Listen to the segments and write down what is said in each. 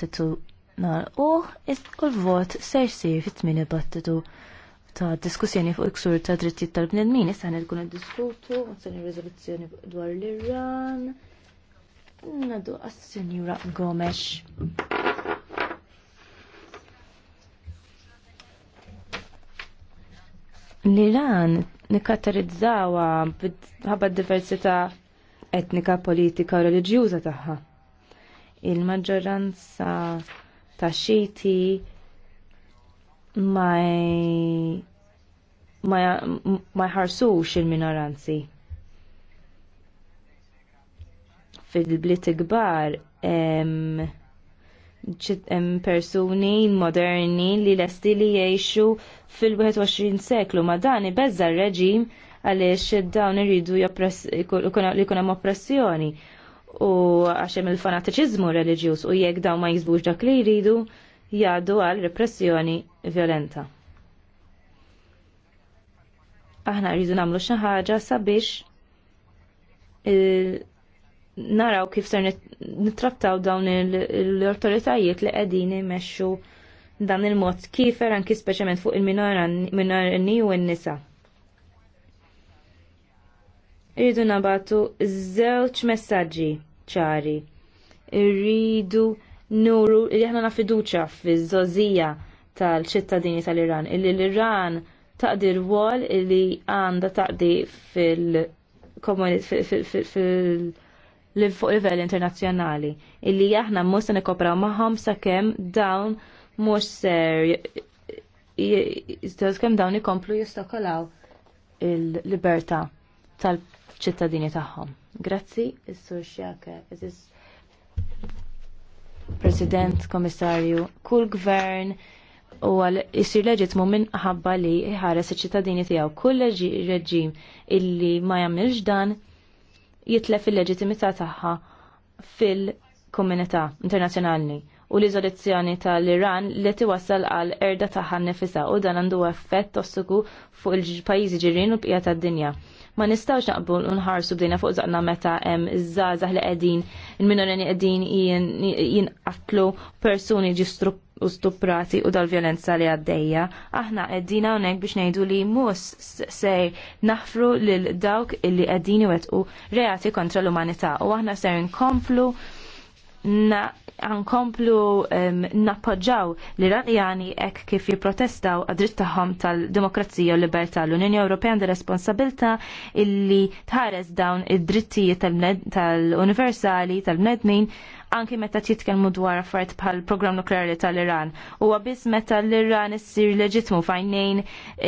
battitu nar u l-vot ser sir fit-tmini battitu ta' diskussjoni fuq iksur ta' dritti tal-bnedmin, issa għan ħan nkunu diskutu, għan għazzani rizoluzzjoni dwar l-Iran. Nadu għas-Senjura Gomes. L-Iran nikkaterizzawa bħabba diversita etnika, politika u religjuza taħħa il-maġġoranza ta' xiti ma jħarsux il-minoranzi. Fil-bliet kbar hemm persuni moderni li lesti li jgħixu fil-21 seklu ma dan ibeżza r-reġim għaliex dawn iridu li jkun hemm oppressjoni u għaxem il-fanatiċizmu reliġjuż u jekk daw ma jizbux dak li jridu jgħaddu għal repressjoni violenta. Aħna rridu namlu xi ħaġa sabiex eh, naraw kif ser nittrattaw dawn l-autoritajiet li qegħdin imexxu dan il-mod kifer anki speċament fuq il minorni u n-nisa. Irridu nabatu żewġ messaġġi ċari. Irridu nuru li aħna na fiduċa fiż-żożija tal-ċittadini tal-Iran. Illi l-Iran taqdi rwol li għanda taqdi fil- fil- fuq livell internazzjonali illi aħna mhux se nikkopraw magħhom sakemm dawn mhux ser kemm dawn ikomplu jistokolaw il-libertà tal ċittadini tagħhom. Grazzi, is-Sur Xjaka, is President, Komissarju, kull gvern u għal jisir leġitmu minħabba li ħares iċ-ċittadini tiegħu kull reġim illi ma jagħmilx dan jitlef il-leġitimità tagħha fil-komunità internazzjonali u l-izolazzjoni tal-Iran li tiwassal għal erda taħħa nefisa u dan għandu effett tossiku fuq il-pajjiżi ġirien u l-bqija tad-dinja. Ma nistawx naqbul nħarsu bdejna fuq zaqna meta hemm iż-żgħażagħ li qegħdin il-minorenni qegħdin jinqatlu persuni ġi u stuprati u dal-vjolenza li għaddejja. Aħna qegħdin hawnhekk biex ngħidu li mhux se naħfru lil dawk illi qegħdin iwettqu reati kontra l-umanità u aħna ser nkomplu na għankomplu um, nappoġġaw l-Iranjani ek kif jiprotestaw għadritt tagħhom tal-demokrazija u libertà. L-Unjoni Ewropea għandha responsabilta illi tħares dawn id-drittijiet tal-universali tal-bnedmin anki meta titkellmu dwar affarijiet bħal programm nukleari tal-Iran. Huwa biss meta l-Iran issir leġitmu fajnejn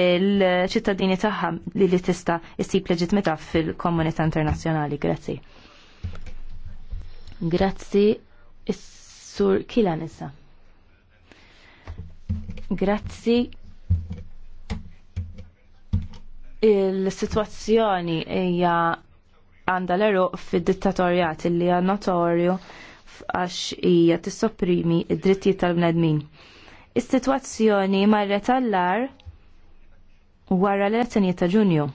il-ċittadini tagħha li li tista' issib leġitmità fil-komunità internazzjonali. Grazzi. Grazzi. Is Sur Kilan issa. Grazzi. Il-situazzjoni hija għandha l ero fid-dittatorjat li hija notorju għax hija tissopprimi id-drittijiet tal-bnedmin. Is-sitwazzjoni marret allar wara l-elezzjonijiet ta' Ġunju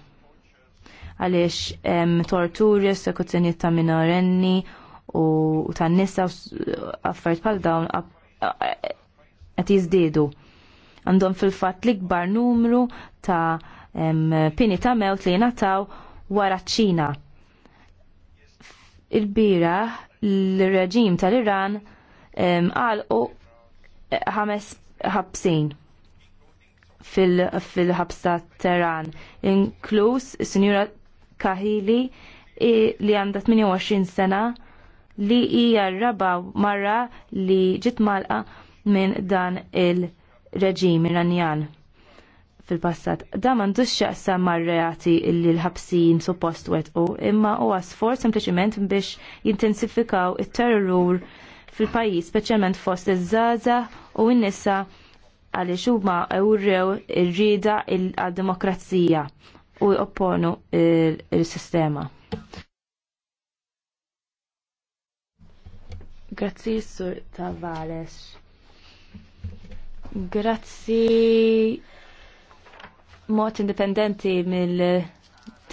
għaliex torturi, sekuzzjonijiet ta' minorenni u tan-nisa affarijiet bħal dawn qed jiżdiedu. Għandhom fil-fatt l-ikbar numru ta' pini ta' mewt li nataw wara ċina Il-bira l-reġim tal-Iran għal u ħames ħabsin fil-ħabsa Teran, inkluż Sinjura Kahili li għandha 28 sena li hija raba marra li ġiet malqa minn dan il-reġim iranjan fil-passat. Da m'għandux xaqsa marreati illi l-ħabsin suppost wetqu, imma huwa għasfor sempliciment biex jintensifikaw it-terror fil-pajjiż, speċjalment fost iż-żaza u n-nisa għaliex huma ewrew ir-rieda għad-demokrazija u jopponu il-sistema. Grazzi, Sur Tavares. Grazzi mod indipendenti mill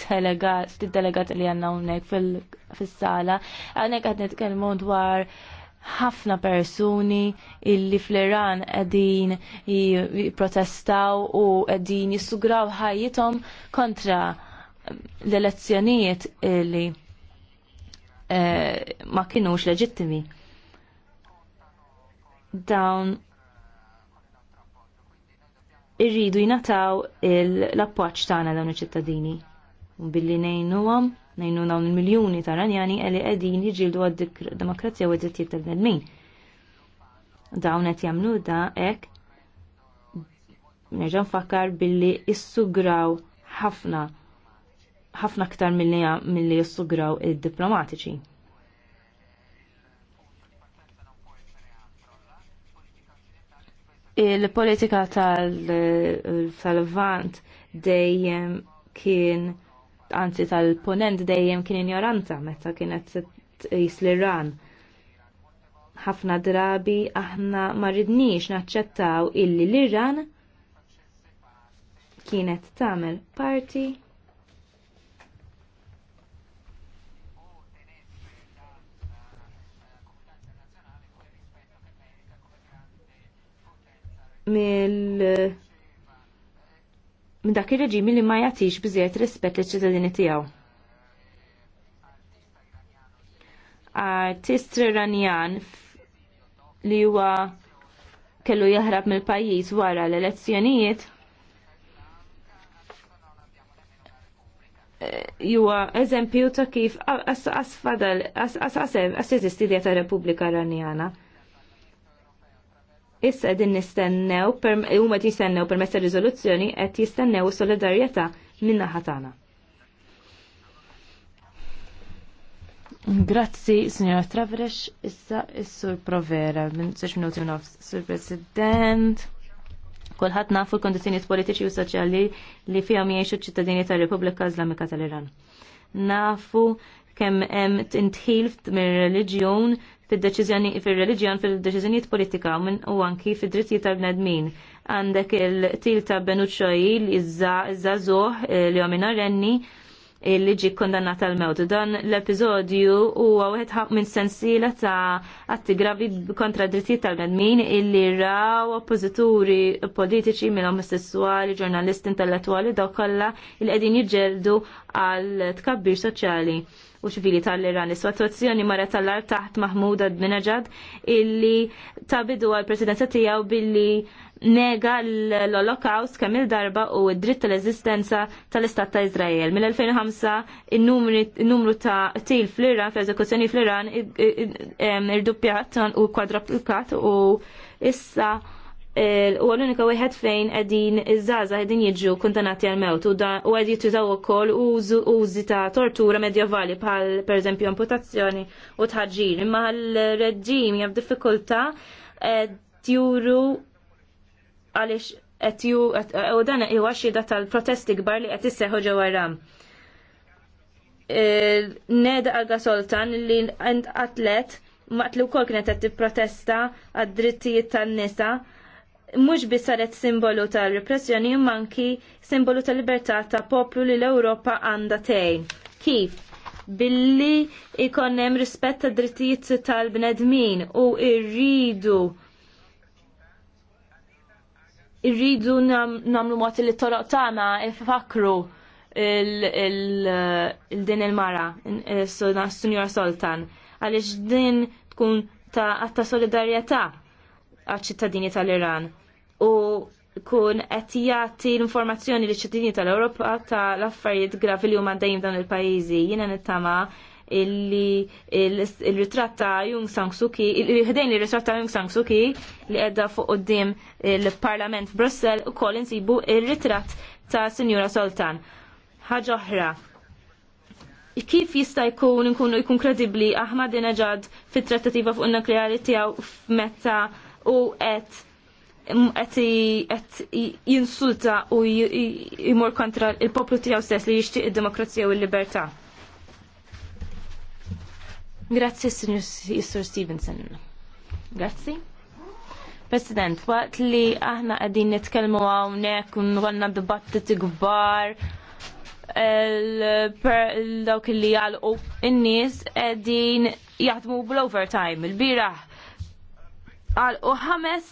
delegat delegat li għanna unnek fil-sala, għannek għad netkelmu dwar ħafna persuni illi fl-Iran għedin protestaw u għedin jissugraw ħajjitom kontra l-elezzjonijiet illi eh, ma kienux leġittimi dawn irridu jinataw l-appoġġ tagħna dawn iċ-ċittadini. Billi ngħinuhom ngħinu dawn il-miljuni ta' ranjani li qegħdin jiġildu għad-demokrazija u d-drittijiet tal-bnedmin. Dawn qed jagħmlu da hekk nerġa' nfakkar billi issugraw ħafna ħafna aktar milli milli jissugraw id-diplomatiċi. Il-politika tal-vant dejjem kien anzi tal-ponent dejjem kien ignoranta meta kienet tqis l-Iran. Ħafna drabi aħna ma ridniex naċċettaw illi l-Iran kienet tagħmel parti mill minn dak ir-reġim li ma jagħtix biżejjed rispett liċ-ċittadini tiegħu. Artist Iranjan li huwa kellu jaħrab mill-pajjiż wara l-elezzjonijiet juwa eżempju ta' kif as-asfadal as-asem as-sizisti ta' Repubblika Iranjana issa din nistennew huma qed jistennew permezz tar-riżoluzzjoni qed jistennew is-solidarjetà min-naħa tagħna. Grazzi, signora Travresh, issa is-sur Provera, minn sex minuti nofs, sur President Kulħadd nafu l kondizzjonijiet politiċi u soċjali li fihom jgħixu ċittadini tar-Repubblika Iżlamika tal-Iran. Nafu kemm hemm intħil mir-reliġjon fil-deċizjoni fil-reliġjon fil-deċizjonijiet politika u anki fil-drittijiet tal-bnedmin. Għandek il-til ta' Benuċċoji li iż li għomin renni li ġi kondannat għal mewt. Dan l epizodju u għawet minn sensila ta' atti gravi kontra drittijiet tal-medmin illi raw oppozituri politiċi minn omosessuali, ġurnalisti intellettuali daw kolla il qegħdin jiġġeldu għal tkabbir soċjali u ċivili tal-Iran. Is-situazzjoni mara tal-ar taħt Mahmoud Ahmadinejad illi tabidu għal-presidenza tiegħu billi nega l-Holocaust kemm il-darba u id dritt tal-eżistenza tal-Istat ta' Izrael. Mill-2005 il-numru ta' til fl-Iran, fl-eżekuzzjoni fl-Iran, irduppjat u kwadrapplikat u issa u għal-unika wieħed fejn għedin iż-żaza għedin jidġu kontanati għal-mewt u għed jittużaw koll użi ta' tortura medjavali bħal per eżempju amputazzjoni u tħagġir. Imma l-reġim diffikulta diffikultà juru għaliex qed ju u dan huwa xhieda tal-protesti kbar li qed isseħħu ġewwa Ned għalga soltan li atlet maqtlu kol kienet qed tipprotesta għad-drittijiet tan-nisa mhux biss saret simbolu tal-repressjoni imma anki simbolu tal-libertà ta' poplu li l-Ewropa għandha tgħin. Kif? Billi ikon hemm rispett ta' drittijiet tal-bnedmin u rridu irridu namlu mod li toroq tagħna ifakru il-din il-mara, eh, s-sunjora Sultan, għaliex din tkun ta' għatta solidarjetà għal-ċittadini tal-Iran u kun qed jagħti l-informazzjoni liċ ċittadini tal-Ewropa tal-affarijiet gravi li huma dejjem dan il-pajjiżi. Jiena nittama illi il-ritratta Jung Sang Suki, il-ħdejn li ritratta Jung Sang Suki li għedda fuq qoddim il-Parlament Brussel u koll insibu il-ritratt ta' Sinjura Soltan. Ħaġa oħra. Kif jista' jkun nkunu jkun kredibbli Ahmad Nejad fit-trattativa fuq in-nukleari tiegħu meta u qed qed jinsulta u jimur kontra il-poplu tiegħu stess li jixtieq id-demokrazija u l-libertà. Grazzi, Sr. Stevenson. Grazzi. President, waqt li aħna għadin nitkellmu hawnhekk u nwanna dibattiti kbar dawk li għalqu in-nies qegħdin jaħdmu bl-overtime il-biraħ għal uħames ħames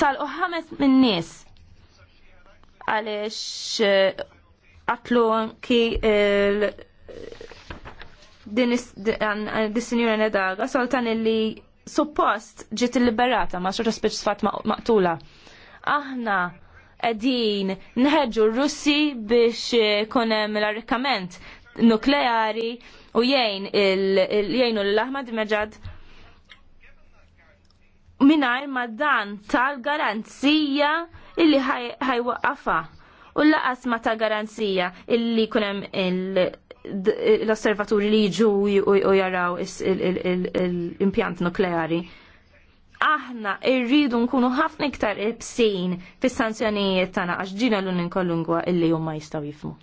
tal uħames minn nies għaliex eh, għatlu ki eh, din is-sinjura eh, nedaga soltan illi suppost ġiet liberata ma xorta speċ sfat maqtula. Aħna qegħdin nħeġġu r-Russi biex kunem l-arrikament nukleari u jgħin jgħinu l-Ahmad Meġad Minaj ma dan tal-garanzija illi ħajwaqqafa u laqas ma ta' garanzija illi kunem l-osservaturi li ġu u jaraw l-impjant nukleari. Aħna irridu nkunu ħafna iktar ibsin fis-sanzjonijiet tagħna għax ġina l-unin kollungwa illi jumma jistgħu jifmu.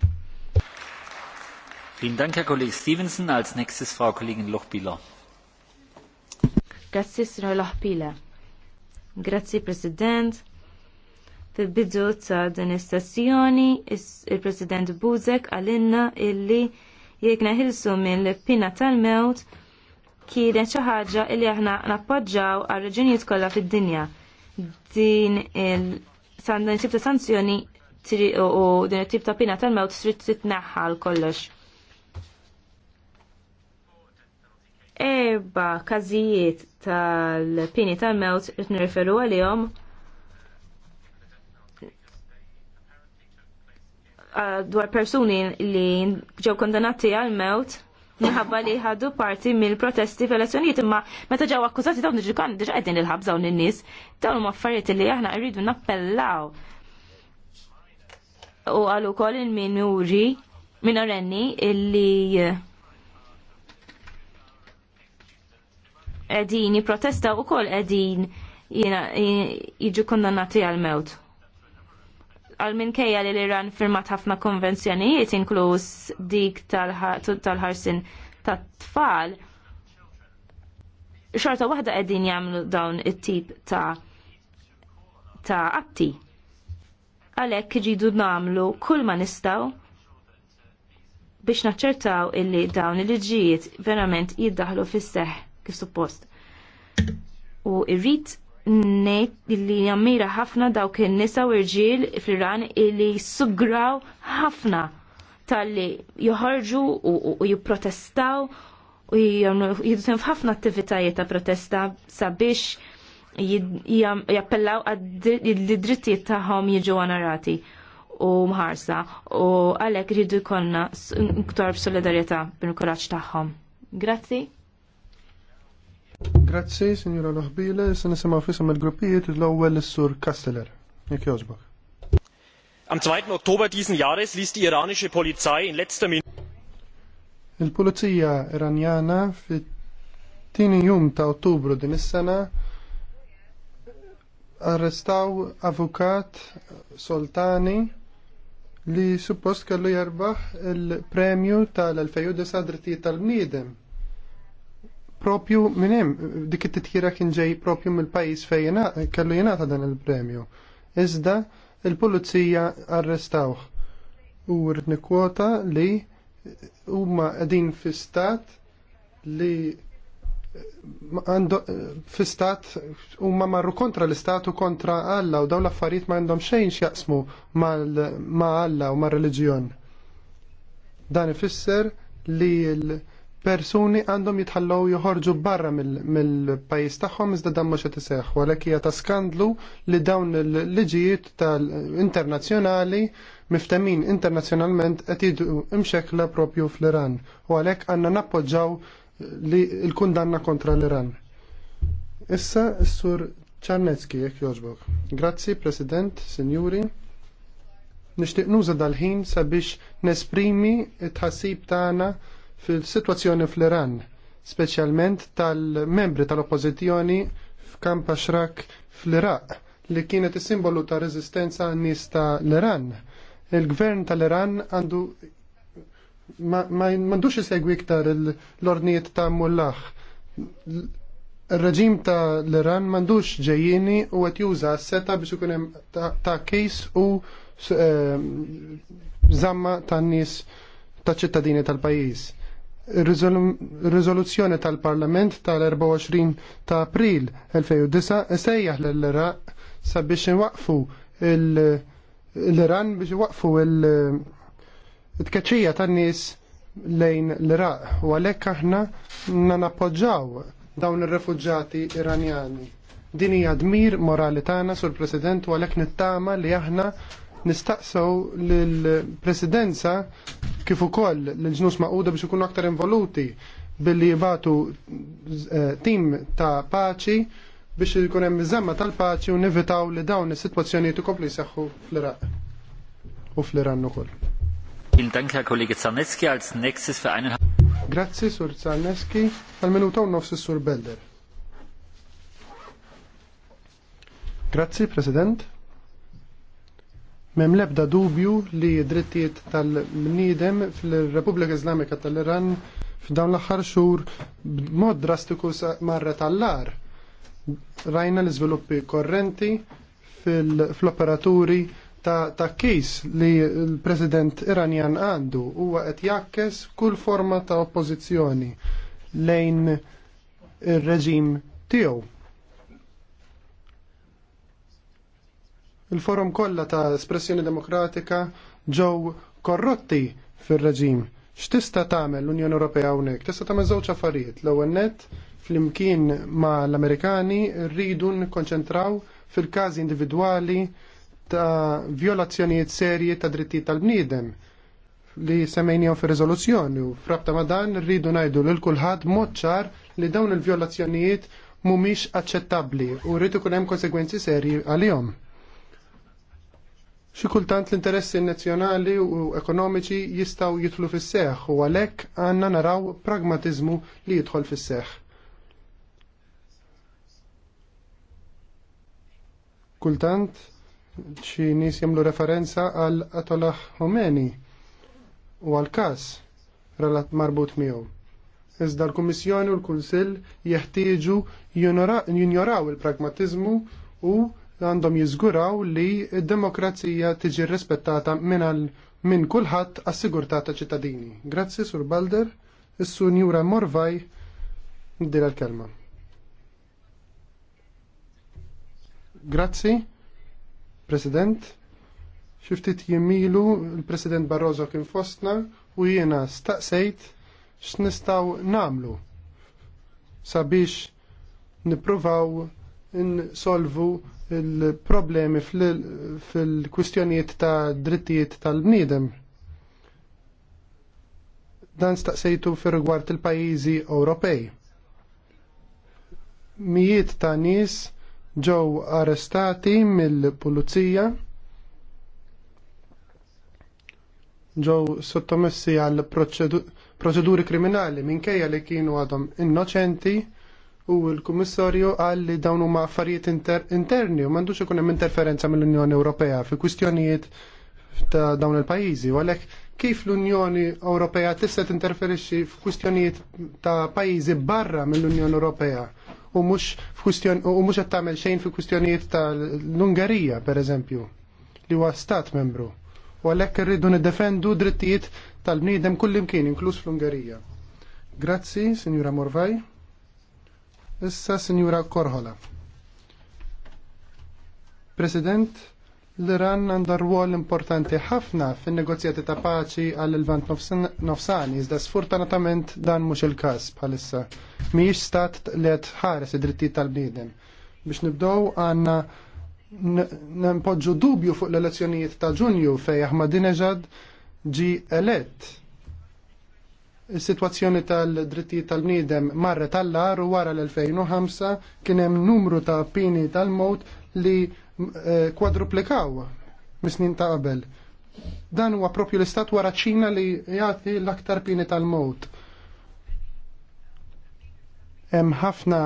Vielen Dank, Herr Kollege Stevenson. Als nächstes Frau Kollegin Lochbieler. Grazie, Signor Lochbieler. Grazzi President. Fil-bidu ta' din is-sessjoni, il-President Buzek għalinna illi jekk neħilsu mill-pina tal-mewt kienet xi ħaġa li aħna nappoġġaw għal reġunijiet kollha fid-dinja. Din il tip ta' sanzjoni u din it-tip ta' pina tal-mewt trid titneħħal kollox. erba każijiet tal-pini tal-mewt qed nirreferu għalihom dwar persuni li ġew kondannati għal-mewt minħabba li ħadu parti mill-protesti fil-elezzjonijiet imma meta ġew akkużati dawn diġu kan diġa qegħdin il-ħabs dawn in-nies dawn huma affarijiet li aħna rridu nappellaw. U għal ukoll il-minuri minorenni illi edin jiprotesta u kol edin jiġu kondannati għal-mewt. Għal minkejja li l-Iran firmat ħafna konvenzjonijiet inkluż dik tal-ħarsin tat-tfal, xorta waħda qegħdin jagħmlu dawn it-tip ta' ta' atti. Għalhekk ġidu nagħmlu kull ma nistgħu biex naċċertaw illi dawn il-liġijiet verament jiddaħlu fis-seħħ kif suppost. U irrit ngħid li jammira ħafna daw kien nisa u rġiel fl-Iran illi sugraw ħafna tal-li joħorġu u jipprotestaw u jiddu ħafna attivitajiet ta' protesta sabiex jappellaw għad-drittijiet tagħhom jiġu għanarati u mħarsa u għalek rridu jkollna ktar b'solidarjetà bil-kuraġġ tagħhom. Grazzi. Grazzi, signora Loħbile, se nisimaw fissam il-gruppijiet l-ewwel is-sur Kasteler. Jekk jogħġbok. Am 2. Oktober diesen Jahres ließ die iranische Polizei in letzter Minute Il-Pulizija Iranjana fit tini jum ta' Ottubru din is-sena arrestaw avukat Soltani li suppost kellu jerbaħ il-premju tal-2009 drittijiet tal-bniedem propju minn dik it-titjira kien ġej propju mill-pajjiż fejn kellu jingħata dan il-premju. Iżda il-pulizija arrestawh u rrid kwota li huma qegħdin fi stat li fi stat u marru kontra l-istat u kontra Alla u daw l-affarijiet ma għandhom xejn xjaqsmu ma Alla u ma reliġjon. Dan ifisser li l- persuni għandhom jitħallaw joħorġu barra mill-pajjiż tagħhom iżda dan mhux qed iseħħ, għalhekk hija ta' skandlu li dawn il-liġijiet tal-internazzjonali miftemin internazzjonalment qed jiġu imxekla propju fl-Iran u għalhekk għandna nappoġġaw li l-kundanna kontra l-Iran. Issa s-sur Czarnecki jekk jogħġbok. Grazzi, President, Sinjuri. Nixtieq nuża dal-ħin sabiex nesprimi t tħassib tagħna fil-situazzjoni fl-Iran, speċjalment tal-membri tal-oppożizzjoni f'kamp Ashraq fl-Iraq li kienet is-simbolu ta' rezistenza nies ta' l-Iran. Il-gvern tal-Iran għandu ma mandux isegwi iktar l-ornijiet ta' mullah. Il-reġim ta' l-Iran mandux ġejjini u għet juża s seta biex ikun hemm ta' kejs u eh, zamma tan nies ta' ċittadini tal-pajjiż. Rizoluzzjoni tal-Parlament tal-24 ta' April 2009 sejjaħ l-Iraq sabiex waqfu l-Iran biex waqfu l-tkaċija tan-nies lejn l-Iraq u għalhekk aħna nanappoġġaw dawn ir-refuġġati Iranjani. Din hija dmir morali tagħna sur President u għalhekk nittama li aħna nistaqsew lill-Presidenza kif ukoll l-ġnus maquda biex ikunu aktar involuti billi jibatu eh, tim ta' paċi biex ikun hemm iżemma tal-paċi u nivitaw li dawn is-sitwazzjonijiet ikomplu jseħħu fl-Iraq u fl-Iran ukoll. Grazzi, Als für einen... Grazie, Sur Zarneski. Al-minuta u nofs Sur Belder. Grazie, President. Mem lebda dubju li drittijiet tal-bniedem fil-Repubblika Islamika tal-Iran f'dawn l-aħħar xhur b'mod drastiku marra tal-lar. Rajna l-iżviluppi korrenti fl-operaturi ta' takkis li l-President Iranjan għandu huwa qed jakkes kull forma ta' oppożizzjoni lejn ir-reġim tiegħu il-forum kollha ta' espressjoni demokratika ġew korrotti fir-reġim. X'tista' tagħmel l-Unjoni Ewropea hawnhekk? Tista' tagħmel żewġ affarijiet. L-ewwel nett flimkien ma' l-Amerikani rridu nikkonċentraw fil-każi individwali ta' violazzjonijiet serji ta' dritti tal-bniedem li semmejnijom fi rizoluzzjoni u frabta ma dan rridu najdu l kulħadd mod ċar li dawn il-violazzjonijiet mumiex aċċettabbli u rridu kun hemm konsegwenzi serji għalihom. Xi kultant l-interessi nazzjonali u ekonomiċi jistgħu jidħlu fis-seħħ u għalhekk għandna naraw pragmatiżmu li jidħol fis-seħħ. Kultant xi nies jagħmlu referenza għal Atolah Homeni u għal każ relat marbut miegħu. Iżda l-Kummissjoni u l-Kunsill jeħtieġu jinjoraw il-pragmatiżmu u għandhom jiżguraw li d-demokrazija tiġi rispettata minn min kulħadd għas-sigurtà ta' ċittadini. Grazzi Sur Balder, is-Sunjura Morvaj, ndira l-kelma. Grazzi, President. Xiftit jimilu il-President Barroso kien fostna u jiena staqsejt x'nistgħu namlu sabiex nippruvaw insolvu il-problemi fil-kwistjonijiet ta' drittijiet tal-bniedem. Dan staqsejtu fir rigward il-pajjiżi Ewropej. Mijiet ta' nies ġew arrestati mill-pulizija ġew sottomessi għal proċeduri kriminali minkejja li kienu għadhom innoċenti u l-Kummissarju qal li dawn huma affarijiet inter interni u m'għandux ikun hemm interferenza mill-Unjoni Ewropea fi kwistjonijiet ta' dawn il-pajjiżi u għalhekk kif l-Unjoni Ewropea tista' tinterferixxi f'kwistjonijiet ta' pajjiżi barra mill-Unjoni Ewropea u mhux u mhux qed tagħmel xejn fi kwistjonijiet tal-Ungerija pereżempju li huwa stat membru u għalhekk irridu niddefendu drittijiet tal-bniedem kullimkien inkluż fl-Ungerija. Grazzi, Sinjura Morvaj. Issa Sinjura Korhola. President, l-Iran għandha rwol importanti ħafna fin negozjati ta' paċi għall il-vant nofsani, iżda sfortunatament dan mhux il-każ bħalissa. Mhijiex stat li qed ħares id dritti tal-bniedem. Biex nibdew għandna nempoġġu dubju fuq l-elezzjonijiet ta' Ġunju fej Ahmadinejad ġi elett Is-sitwazzjoni tal-drittijiet tal-bniedem marre tal-lar u wara l-2005 kien hemm numru ta' pini tal-mowt li eh, kwadruplikaw mis-snin ta' qabel. Dan huwa propju l-istat wara ċina li jagħti l-aktar pini tal-mowt. Hemm ħafna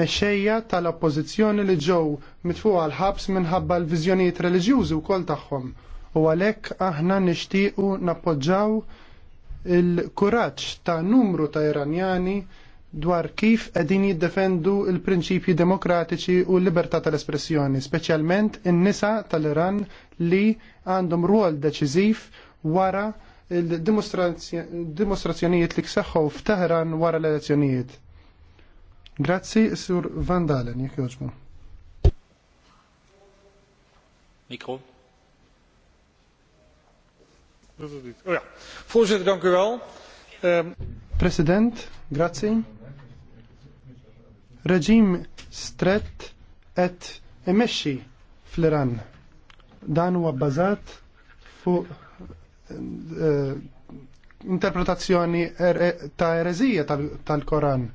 mexejja tal-oppożizzjoni li ġew mitfu għal ħabs minħabba l-viżjonijiet reliġjużi wkoll tagħhom. U għalhekk aħna nixtiequ nappoġġaw il-kuraġġ ta' numru ta' Iranjani dwar kif qegħdin jiddefendu l-prinċipji demokratiċi u l-libertà tal-espressjoni, speċjalment in-nisa tal-Iran li għandhom ruol deċiżiv wara il-dimostrazzjonijiet li kseħħu f'Teheran wara l-elezzjonijiet. Grazzi, Sur Van Dalen, jek joġmu. Mikro. Oh Voorzitter, dank u wel. Ehm, President, grazie. Reġim strett et emesċi fl-Iran. Dan huwa bbażat fuq eh, eh, interpretazzjoni er-, eh, ta' erezija tal-Koran.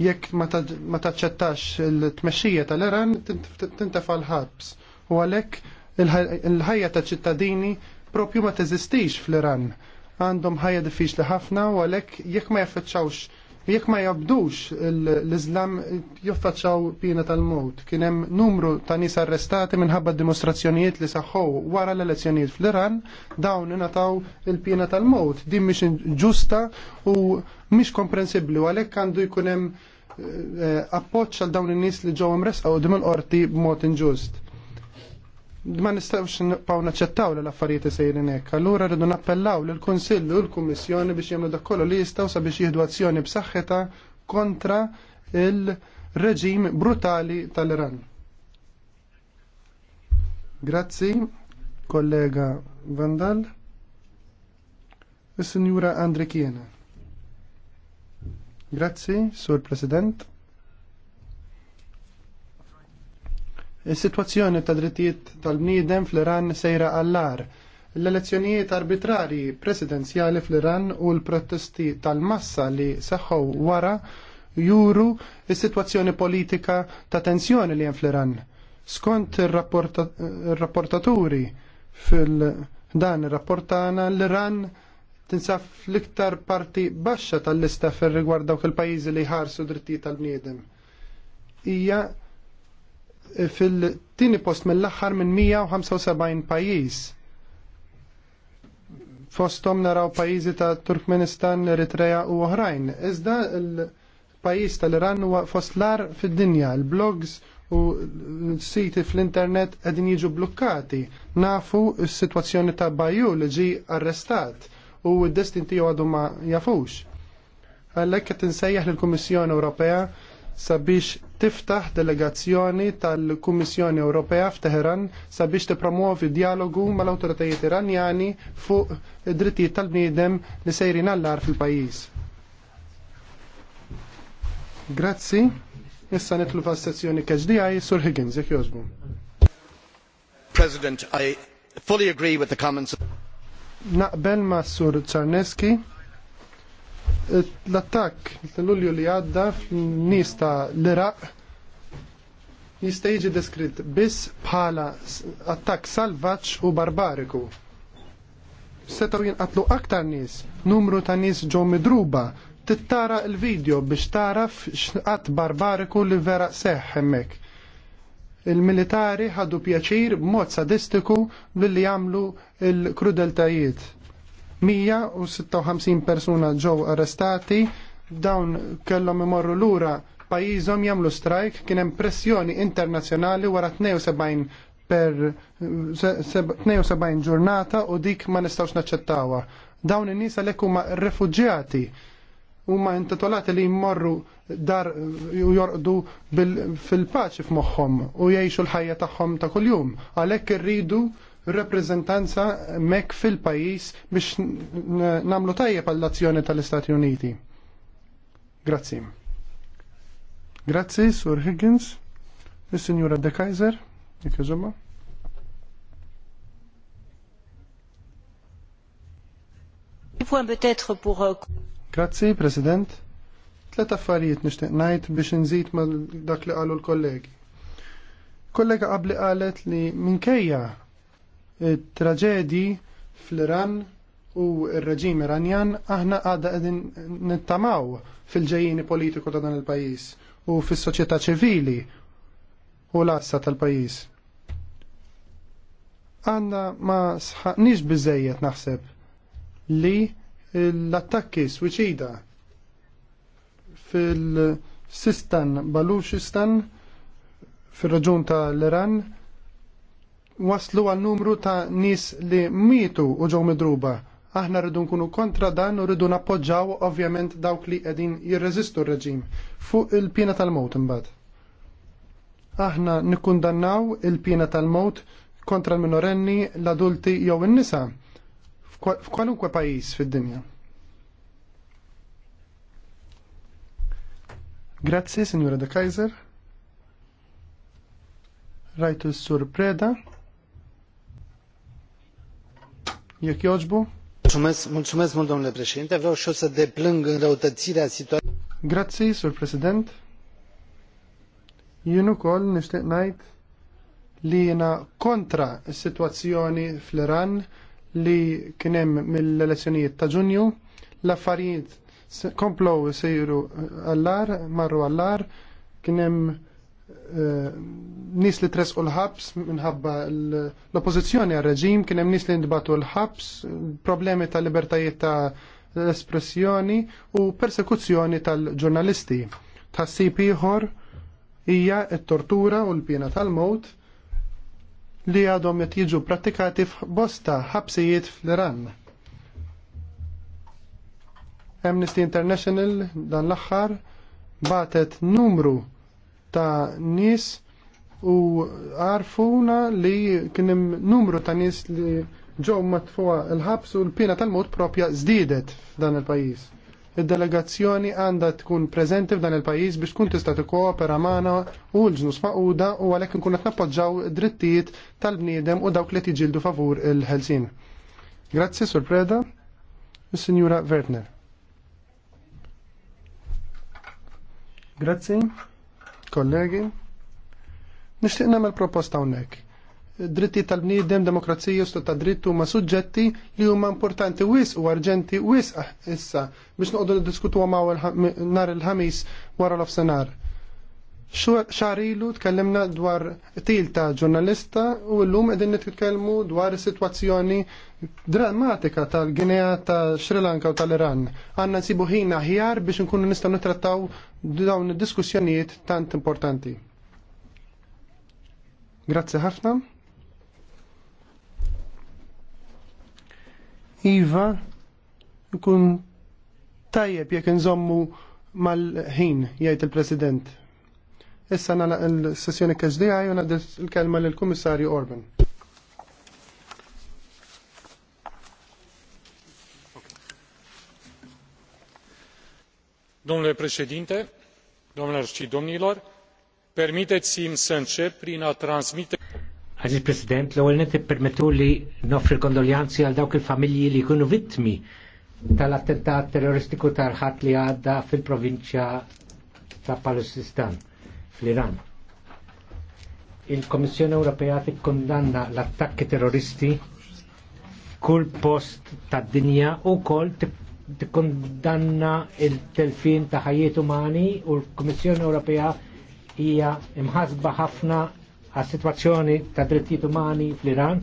Jekk ma taċċettax il-tmexxija tal-Iran tintefa' l-ħabs. U għalhekk il-ħajja ta' ċittadini propju ma teżistix fl-Iran. Għandhom ħajja diffiċli ħafna u għalhekk jekk ma jaffiċċawx jekk ma jabdux l-Islam joffaċċaw pina tal-mod. Kien hemm numru ta' nis arrestati minħabba dimostrazzjonijiet li saħħu wara l-elezzjonijiet fl-Iran dawn ingħataw il-pina tal-mod. Din mhix ġusta u mhix komprensibbli u għalhekk għandu jkun hemm eh, appoġġ għal dawn in-nies li ġew imresqgħu dim il-qorti b'mod inġust ma nistawx nipaw naċċettaw l-affarijiet isejrin hekk. Allura rridu nappellaw lill kunsill u l-Kummissjoni biex jagħmlu dak kollu li jistgħu sabiex jieħdu azzjoni b'saħħitha kontra il-reġim brutali tal-Iran. Grazzi, kollega Vandal. Is-Sinjura Andrikiena. Grazzi, Sur President. Is-sitwazzjoni ta' drittijiet tal-bniedem fl-Iran sejra għallar. L-elezzjonijiet arbitrari presidenzjali fl-Iran u l-protesti tal-massa li seħħu wara juru is-sitwazzjoni politika ta' tensjoni li hemm fl-Iran. Skont ir-rapportaturi fil-dan ir-rapportana l-Iran tinsab fl-iktar parti baxxa tal-lista fil rigward dawk il-pajjiżi li ħarsu drittijiet tal-bniedem. Ija fil-tini post mill-axar minn 175 pajis. Fostom naraw pajizi ta' Turkmenistan, Eritrea u oħrajn. Iżda l-pajis tal-Iran huwa fost lar fid-dinja, l-blogs u siti fl-internet għedin jiġu blokkati. Nafu s-situazzjoni ta' Baju li ġi arrestat u d-destin tiegħu għadu ma jafux. Għallek qed insejjaħ l kummissjoni Ewropea sabiex tiftaħ delegazzjoni tal-Kummissjoni Ewropea f'Teheran sabiex tipromuovi dialogu mal-awtoritajiet iranjani fuq id-drittijiet tal-bniedem li sejrin għallar fil-pajjiż. Grazzi. Issa nitlu fas-sezzjoni KHDI Sur Higgins jekk jogħġbu. President, I fully agree with the comments. Naqbel ma' Sur Czarneski L-attakk l-lulju li għadda f'nies ta' l-Iraq jista' jiġi deskritt biss bħala attakk salvaġġ u barbariku. Setaw jinqatlu aktar nies, numru ta' nies ġew midruba, tittara l-video biex taraf x'qatt barbariku li vera seħħ hemmhekk. Il-militari ħadu pjaċir mod sadistiku billi jagħmlu l-krudeltajiet 156 persuna ġew arrestati, dawn kellhom imorru lura pajjiżhom jagħmlu strajk, kien hemm pressjoni internazzjonali wara 72 per 72 ġurnata u dik ma nistgħux naċċettawha. Dawn in-nies għalhekk huma refuġjati huma intitolati li jmorru dar u jorqdu fil-paċi f'moħħhom u jgħixu l-ħajja tagħhom ta' kuljum. Għalhekk irridu rappresentanza mek fil-pajis biex namlu tajjeb għall-azzjoni tal-Istati Uniti. Grazzi. Grazzi, Sur Higgins, il signora De Kaiser, jek euh, Grazzi, President. Tlet affarijiet nixtieq ngħid biex nżid ma' dak li qalu l-kollegi. Kollega qabli qalet li minkejja traġedi fl-Iran u r-reġim iranjan aħna għadha qegħdin nittamaw fil-ġejjini politiku ta' dan il-pajjiż u fis-soċjetà ċivili u l-assa tal-pajjiż. Għandna ma sħaqniex biżejjed naħseb li l-attakki swiċida fil-Sistan Baluxistan fil-raġun tal-Iran waslu għal numru ta' nis li mitu u ġew midruba. Aħna rridu nkunu kontra dan u rridu nappoġġaw ovvjament dawk li qegħdin jirreżistu r-reġim fuq il-pjena tal-mowt imbagħad. Aħna nikkundannaw il-pjena tal-mowt kontra l-minorenni, l-adulti jew in-nisa f'kwalunkwe pajjiż fid-dinja. Grazzi, Signora De Kaiser. Rajtu s-sur Preda. Jekk jogħġbu? Mulțumesc mult, domnule președinte. Vreau și eu să deplâng înrăutățirea situației. sur president. Jien ukoll nixtieq ngħid li jiena kontra s-sitwazzjoni fl-Iran li kien hemm mill-elezzjonijiet ta' Ġunju l-affarijiet komplow sejru għallar, marru għallar, kien hemm Eh, nis li tresqu l-ħabs minħabba l-oppozizjoni għal reġim kien hemm nis li ndibatu l-ħabs, problemi ta' libertajiet ta' espressjoni u persekuzzjoni tal-ġurnalisti. Tassib ieħor hija t-tortura u l-pjena tal-mowt li għadhom qed jiġu pratikati f'bosta ħabsijiet fl-Iran. Amnesty International dan l-aħħar batet numru ta' nis u għarfuna li kien hemm numru ta' nis li ġew matfuha l-ħabs u l-pina tal-mod propja żdiedet f'dan il-pajjiż. il delegazzjoni għandha tkun prezenti f'dan il-pajjiż biex tkun tista' tikkoopera magħna u l-ġnus maquda u għalhekk nkun qed nappoġġaw drittijiet tal-bniedem u dawk li tiġildu favur il-ħelsin. Grazzi, Sur Preda. Signora sinjura Wertner. Grazzi kollegi. Nixtieq nagħmel proposta hawnhekk. Dritti tal-bniedem, demokrazija, stot ta' drittu huma suġġetti li huma importanti wis u arġenti wis ah, issa biex noqogħdu niddiskutuhom nar il-ħamis wara l-ofsenar. Xarilu tkellimna dwar til ta' ġurnalista u l-lum edin nitkellmu dwar situazzjoni drammatika tal-Ginea ta' Sri Lanka u tal-Iran. Għanna nsibu ħina ħjar biex nkunu nistaw nitrattaw dawn diskussjonijiet tant importanti. Grazzi ħafna. Iva, nkun tajjeb jekk nżommu mal-ħin, jgħid il-President. Issa nana il sessjoni KHDI u nadil il-kelma l-Kummissarju Orban. Domnule președinte, domnilor și domnilor, permiteți-mi să încep prin a transmite Aziz President, l-ewwel nett ippermettu li nofri kondoljanzi għal dawk il-familji li kunu vittmi tal-attentat terroristiku ħat li għadda fil-provinċja ta' Palestistan fl-Iran. Il-Komissjoni Ewropea tikkondanna l-attakki terroristi kull post tad dinja u kol tikkondanna il-telfin ta' ħajiet umani u l-Komissjoni Ewropea hija imħasba ħafna għas situazzjoni ta' drittijiet umani fl-Iran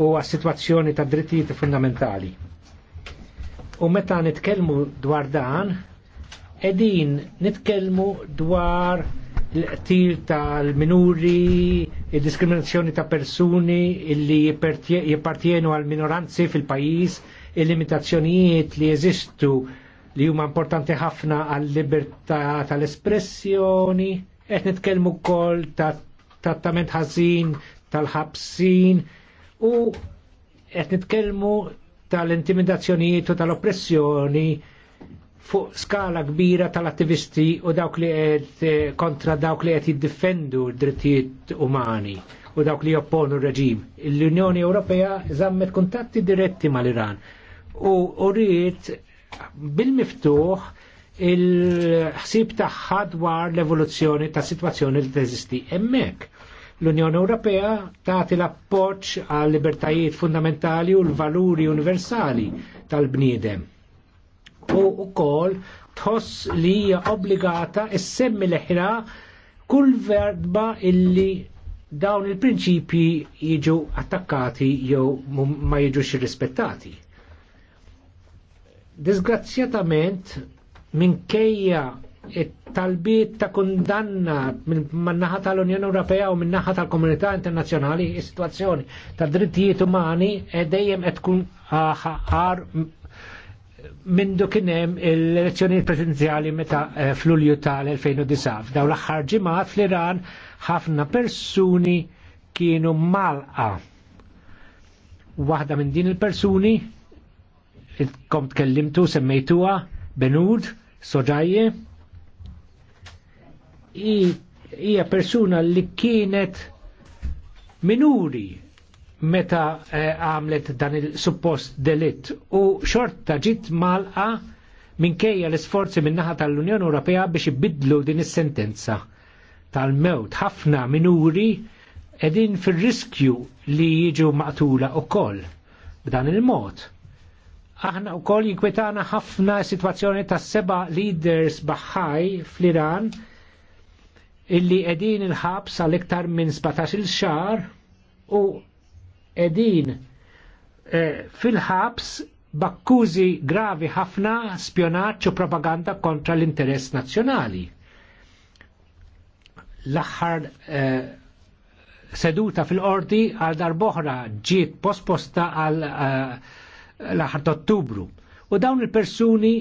u għas situazzjoni ta' drittijiet fundamentali. U meta nitkellmu dwar dan, edin nitkellmu dwar l-qtil tal-minuri, il-diskriminazzjoni ta' persuni illi jippartienu għal minoranzi fil-pajis, il-limitazzjonijiet li jeżistu li huma importanti ħafna għal libertà tal-espressjoni, qed nitkellmu wkoll ta' trattament ħażin tal-ħabsin u qed nitkellmu tal-intimidazzjonijiet u tal-oppressjoni tal oppressjoni fuq skala kbira tal-attivisti u dawk li qed eh, kontra dawk li qed jiddifendu d-drittijiet umani u dawk li jopponu r-reġim. L-Unjoni Ewropea żammet kuntatti diretti mal-Iran u rrit bil-miftuħ il-ħsib tagħha dwar l-evoluzzjoni ta' situazzjoni li teżisti hemmhekk. L-Unjoni Ewropea tagħti l-appoġġ għal libertajiet fundamentali u l-valuri universali tal-bniedem u wkoll tħoss li hija obbligata issemmi ħra kull verba illi dawn il-prinċipji jiġu attakkati jew ma jiġux irrispettati. Disgrazzjatament minkejja it-talbiet ta' kundanna min-naħa tal-Unjoni Ewropea u min-naħa tal-Komunità Internazzjonali, is-sitwazzjoni tad drittijiet umani eh, dejjem qed tkun ah, ħar mindu kienem l-elezzjoni presidenziali meta eh, fl-Ulju tal-2009. Daw l-axħar ġimgħat fl-Iran ħafna persuni kienu malqa. Waħda minn din il-persuni kom tkellimtu semmejtuha Benud Soġajje. Hija persuna li kienet minuri meta eh, għamlet dan il-suppost delitt u xorta ġit malqa minkejja l-isforzi minnaħa tal-Unjoni Ewropea biex ibidlu din is-sentenza tal-mewt. Ħafna minuri edin fil-riskju li jiġu maqtula u koll b'dan il-mod. Aħna u koll jinkwetana ħafna situazzjoni ta' seba leaders baħħaj fl-Iran illi edin il-ħabs għal iktar minn 17 il xar u edin eh, fil-ħabs bakkużi gravi ħafna spjonaċ u propaganda kontra l-interess nazjonali. L-aħħar eh, seduta fil ordi għal darboħra ġiet posposta għal eh, l-aħħar ottubru. U dawn il-persuni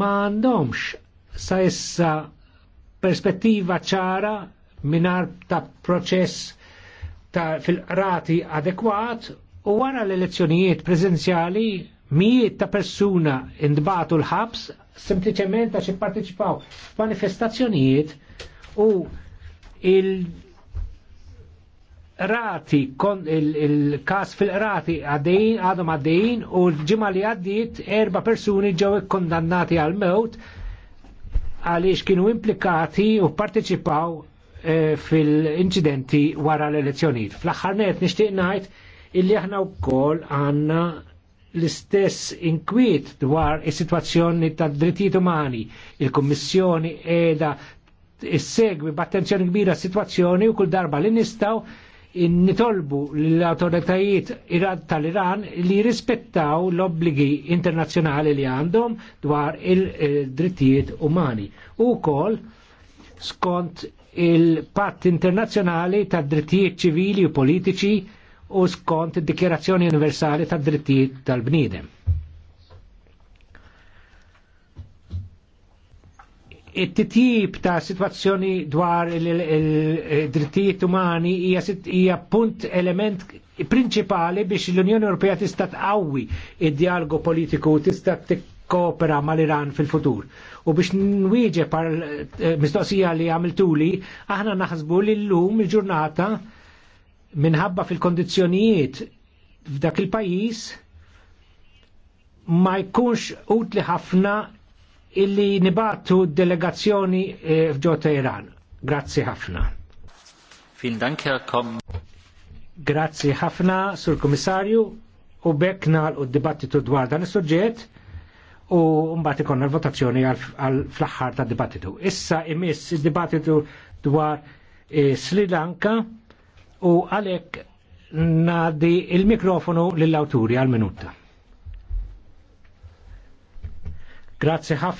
ma għandhomx sa issa perspettiva ċara minar ta' proċess ta' fil-rati adekwat u wara l-elezzjonijiet prezenzjali mijiet ta' persuna indbatu l-ħabs sempliċement għax partiċipaw manifestazzjonijiet u il- rati, il-kas fil-rati għaddejn, għadhom għaddejn u l-ġimma li għaddiet erba persuni ġew kondannati għal-mewt għaliex kienu implikati u partiċipaw Eh, fil-inċidenti wara l-elezzjonijiet. Fl-aħħar net nixtieq ngħid illi aħna wkoll għandna l-istess inkwiet dwar is-sitwazzjoni tad drittijiet umani. Il-Kummissjoni s-segwi b'attenzjoni kbira s-sitwazzjoni u kull darba li nistaw nitolbu l-autoritajiet tal-Iran li rispettaw l-obbligi internazzjonali li għandhom dwar il-drittijiet eh, umani. U kol skont il-patt internazzjonali tad drittijiet ċivili u politiċi u skont id-Dikjerazzjoni Universali tad drittijiet tal-bniedem. it-titjib ta' situazzjoni dwar il-drittijiet umani hija punt element principali biex l-Unjoni Ewropea tista' tqawwi id-dialogu politiku tista' tikkopera mal-Iran fil-futur. U biex nwieġe par eh, mistoqsija li għamiltuli, aħna naħsbu li l-lum il-ġurnata minħabba fil-kondizjonijiet f'dak il-pajis ma jkunx utli ħafna illi nibatu delegazzjoni eh, fġo Iran. Grazzi ħafna. Fin danke Grazzi ħafna, Sur Komissarju, u bekna l dibattitu dwar dan is-suġġett u mbagħad ikonna l-votazzjoni għal fl-aħħar ta' dibattitu. Issa imiss id-dibattitu dwar eh, Sri Lanka u għalhekk nadi il-mikrofonu lill-awturi għal-minuta. Grazie ħafna.